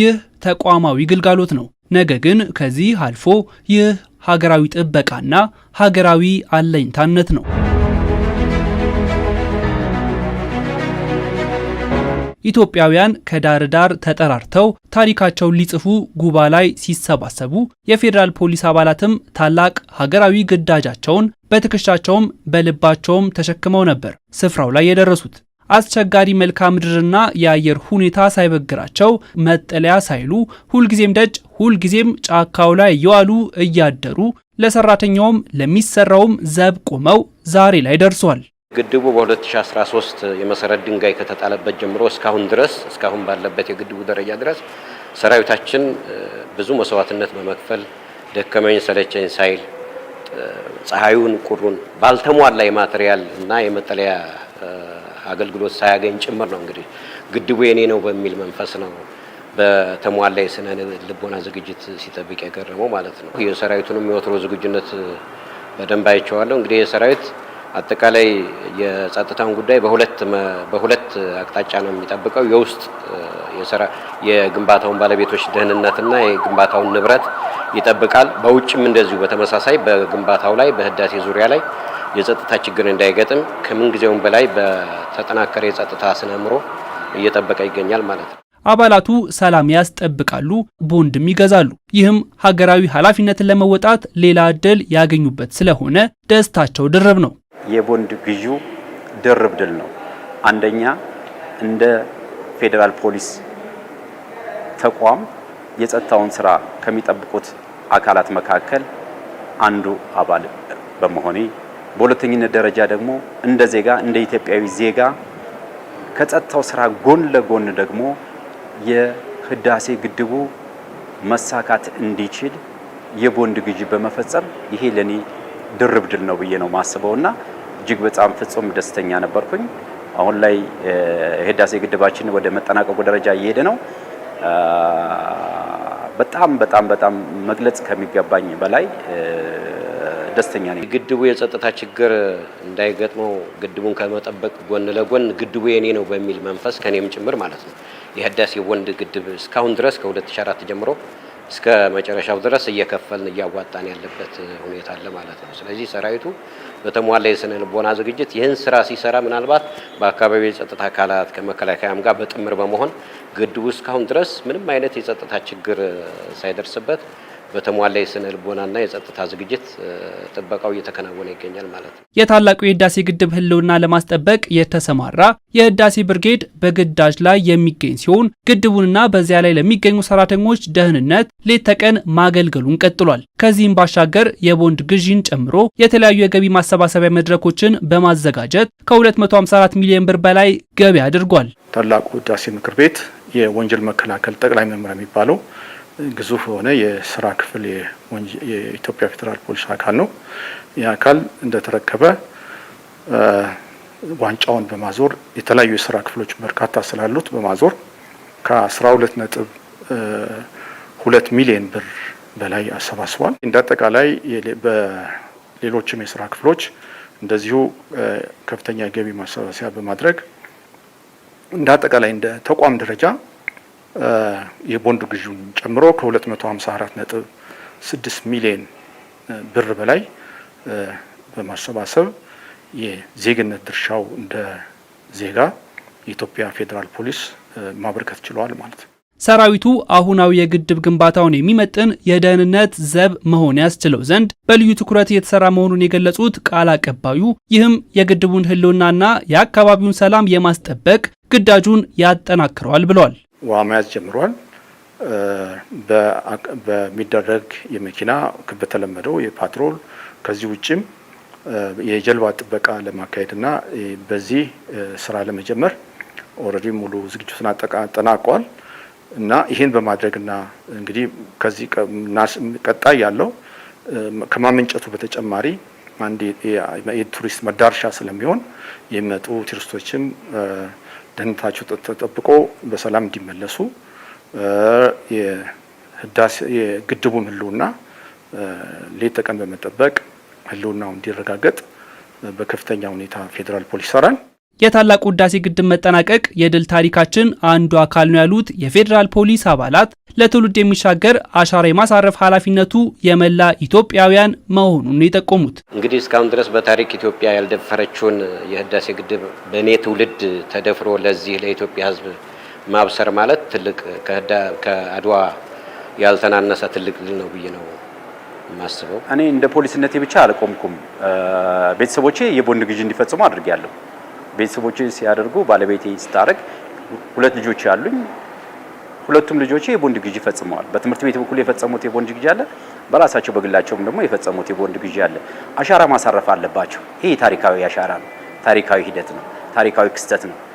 ይህ ተቋማዊ ግልጋሎት ነው። ነገ ግን ከዚህ አልፎ ይህ ሀገራዊ ጥበቃና ሀገራዊ አለኝታነት ነው። ኢትዮጵያውያን ከዳር ዳር ተጠራርተው ታሪካቸውን ሊጽፉ ጉባ ላይ ሲሰባሰቡ የፌዴራል ፖሊስ አባላትም ታላቅ ሀገራዊ ግዳጃቸውን በትከሻቸውም በልባቸውም ተሸክመው ነበር ስፍራው ላይ የደረሱት። አስቸጋሪ መልክዓ ምድርና የአየር ሁኔታ ሳይበግራቸው መጠለያ ሳይሉ ሁልጊዜም ደጅ ሁልጊዜም ጫካው ላይ እየዋሉ እያደሩ ለሰራተኛውም ለሚሰራውም ዘብ ቆመው ዛሬ ላይ ደርሷል። ግድቡ በ2013 የመሰረት ድንጋይ ከተጣለበት ጀምሮ እስካሁን ድረስ እስካሁን ባለበት የግድቡ ደረጃ ድረስ ሰራዊታችን ብዙ መስዋዕትነት በመክፈል ደከመኝ ሰለቸኝ ሳይል ፀሐዩን፣ ቁሩን ባልተሟላ የማቴሪያል እና የመጠለያ አገልግሎት ሳያገኝ ጭምር ነው። እንግዲህ ግድቡ የኔ ነው በሚል መንፈስ ነው በተሟላ የስነ ልቦና ዝግጅት ሲጠብቅ የገረመው ማለት ነው። የሰራዊቱንም የወትሮ ዝግጁነት በደንብ አይቼዋለሁ። እንግዲህ የሰራዊት አጠቃላይ የጸጥታውን ጉዳይ በሁለት በሁለት አቅጣጫ ነው የሚጠብቀው። የውስጥ የግንባታውን ባለቤቶች ደህንነትና የግንባታውን ንብረት ይጠብቃል። በውጭም እንደዚሁ በተመሳሳይ በግንባታው ላይ በህዳሴ ዙሪያ ላይ የጸጥታ ችግር እንዳይገጥም ከምንጊዜውም በላይ በተጠናከረ የጸጥታ ምሮ እየጠበቀ ይገኛል ማለት ነው። አባላቱ ሰላም ያስጠብቃሉ፣ ቦንድም ይገዛሉ። ይህም ሀገራዊ ኃላፊነትን ለመወጣት ሌላ እድል ያገኙበት ስለሆነ ደስታቸው ድርብ ነው። የቦንድ ግዢ ድርብ ድል ነው። አንደኛ እንደ ፌዴራል ፖሊስ ተቋም የጸጥታውን ስራ ከሚጠብቁት አካላት መካከል አንዱ አባል በመሆኔ በሁለተኝነት ደረጃ ደግሞ እንደ ዜጋ እንደ ኢትዮጵያዊ ዜጋ ከጸጥታው ስራ ጎን ለጎን ደግሞ የህዳሴ ግድቡ መሳካት እንዲችል የቦንድ ግዢ በመፈጸም ይሄ ለኔ ድርብ ድል ነው ብዬ ነው ማስበውና እጅግ በጣም ፍጹም ደስተኛ ነበርኩኝ። አሁን ላይ የህዳሴ ግድባችን ወደ መጠናቀቁ ደረጃ እየሄደ ነው። በጣም በጣም በጣም መግለጽ ከሚገባኝ በላይ ደስተኛ ነኝ። ግድቡ የጸጥታ ችግር እንዳይገጥመው ግድቡን ከመጠበቅ ጎን ለጎን ግድቡ የኔ ነው በሚል መንፈስ ከኔም ጭምር ማለት ነው የህዳሴ ወንድ ግድብ እስካሁን ድረስ ከ2004 ጀምሮ እስከ መጨረሻው ድረስ እየከፈልን እያዋጣን ያለበት ሁኔታ አለ ማለት ነው። ስለዚህ ሰራዊቱ በተሟላ የስነ ልቦና ዝግጅት ይህን ስራ ሲሰራ ምናልባት በአካባቢ የጸጥታ አካላት ከመከላከያም ጋር በጥምር በመሆን ግድቡ እስካሁን ድረስ ምንም አይነት የጸጥታ ችግር ሳይደርስበት በተሟላ የስነ ልቦናና የጸጥታ ዝግጅት ጥበቃው እየተከናወነ ይገኛል ማለት ነው። የታላቁ የህዳሴ ግድብ ህልውና ለማስጠበቅ የተሰማራ የህዳሴ ብርጌድ በግዳጅ ላይ የሚገኝ ሲሆን ግድቡንና በዚያ ላይ ለሚገኙ ሰራተኞች ደህንነት ሌት ተቀን ማገልገሉን ቀጥሏል። ከዚህም ባሻገር የቦንድ ግዢን ጨምሮ የተለያዩ የገቢ ማሰባሰቢያ መድረኮችን በማዘጋጀት ከ254 ሚሊዮን ብር በላይ ገቢ አድርጓል። ታላቁ ህዳሴ ምክር ቤት የወንጀል መከላከል ጠቅላይ መምሪያ የሚባለው ግዙፍ የሆነ የስራ ክፍል የኢትዮጵያ ፌዴራል ፖሊስ አካል ነው። ይህ አካል እንደተረከበ ዋንጫውን በማዞር የተለያዩ የስራ ክፍሎች በርካታ ስላሉት በማዞር ከአስራ ሁለት ነጥብ ሁለት ሚሊዮን ብር በላይ አሰባስቧል። እንደ አጠቃላይ በሌሎችም የስራ ክፍሎች እንደዚሁ ከፍተኛ የገቢ ማሰባሰያ በማድረግ እንደ አጠቃላይ እንደ ተቋም ደረጃ የቦንድ ግዥን ጨምሮ ከ254.6 ሚሊዮን ብር በላይ በማሰባሰብ የዜግነት ድርሻው እንደ ዜጋ የኢትዮጵያ ፌዴራል ፖሊስ ማበርከት ችሏል ማለት ነው። ሰራዊቱ አሁናዊ የግድብ ግንባታውን የሚመጥን የደህንነት ዘብ መሆን ያስችለው ዘንድ በልዩ ትኩረት የተሰራ መሆኑን የገለጹት ቃል አቀባዩ፣ ይህም የግድቡን ህልውናና የአካባቢውን ሰላም የማስጠበቅ ግዳጁን ያጠናክረዋል ብለዋል። ውሃ መያዝ ጀምሯል። በሚደረግ የመኪና በተለመደው የፓትሮል ከዚህ ውጭም የጀልባ ጥበቃ ለማካሄድ ና በዚህ ስራ ለመጀመር ኦልሬዲ ሙሉ ዝግጅቱን አጠናቋል እና ይህን በማድረግና እንግዲህ ከዚህ ቀጣይ ያለው ከማመንጨቱ በተጨማሪ አንድ የቱሪስት መዳረሻ ስለሚሆን የሚመጡ ቱሪስቶችም ደህንነታቸው ተጠብቆ በሰላም እንዲመለሱ የህዳሴ ህልውና ሌት ተቀን በመጠበቅ ህልውናው እንዲረጋገጥ በከፍተኛ ሁኔታ ፌዴራል ፖሊስ ይሰራል። የታላቁ ህዳሴ ግድብ መጠናቀቅ የድል ታሪካችን አንዱ አካል ነው ያሉት የፌዴራል ፖሊስ አባላት ለትውልድ የሚሻገር አሻራ የማሳረፍ ኃላፊነቱ የመላ ኢትዮጵያውያን መሆኑን የጠቆሙት እንግዲህ እስካሁን ድረስ በታሪክ ኢትዮጵያ ያልደፈረችውን የህዳሴ ግድብ በእኔ ትውልድ ተደፍሮ ለዚህ ለኢትዮጵያ ህዝብ ማብሰር ማለት ትልቅ ከአድዋ ያልተናነሰ ትልቅ ድል ነው ብዬ ነው የማስበው። እኔ እንደ ፖሊስነቴ ብቻ አልቆምኩም። ቤተሰቦቼ የቦንድ ግዥ እንዲፈጽሙ አድርጌያለሁ። ቤተሰቦቼ ሲያደርጉ ባለቤቴ ስታረግ ሁለት ልጆች ያሉኝ ሁለቱም ልጆች የቦንድ ግዢ ፈጽመዋል። በትምህርት ቤት በኩል የፈጸሙት የቦንድ ግዢ አለ፣ በራሳቸው በግላቸውም ደግሞ የፈጸሙት የቦንድ ግዢ አለ። አሻራ ማሳረፍ አለባቸው። ይሄ ታሪካዊ አሻራ ነው። ታሪካዊ ሂደት ነው። ታሪካዊ ክስተት ነው።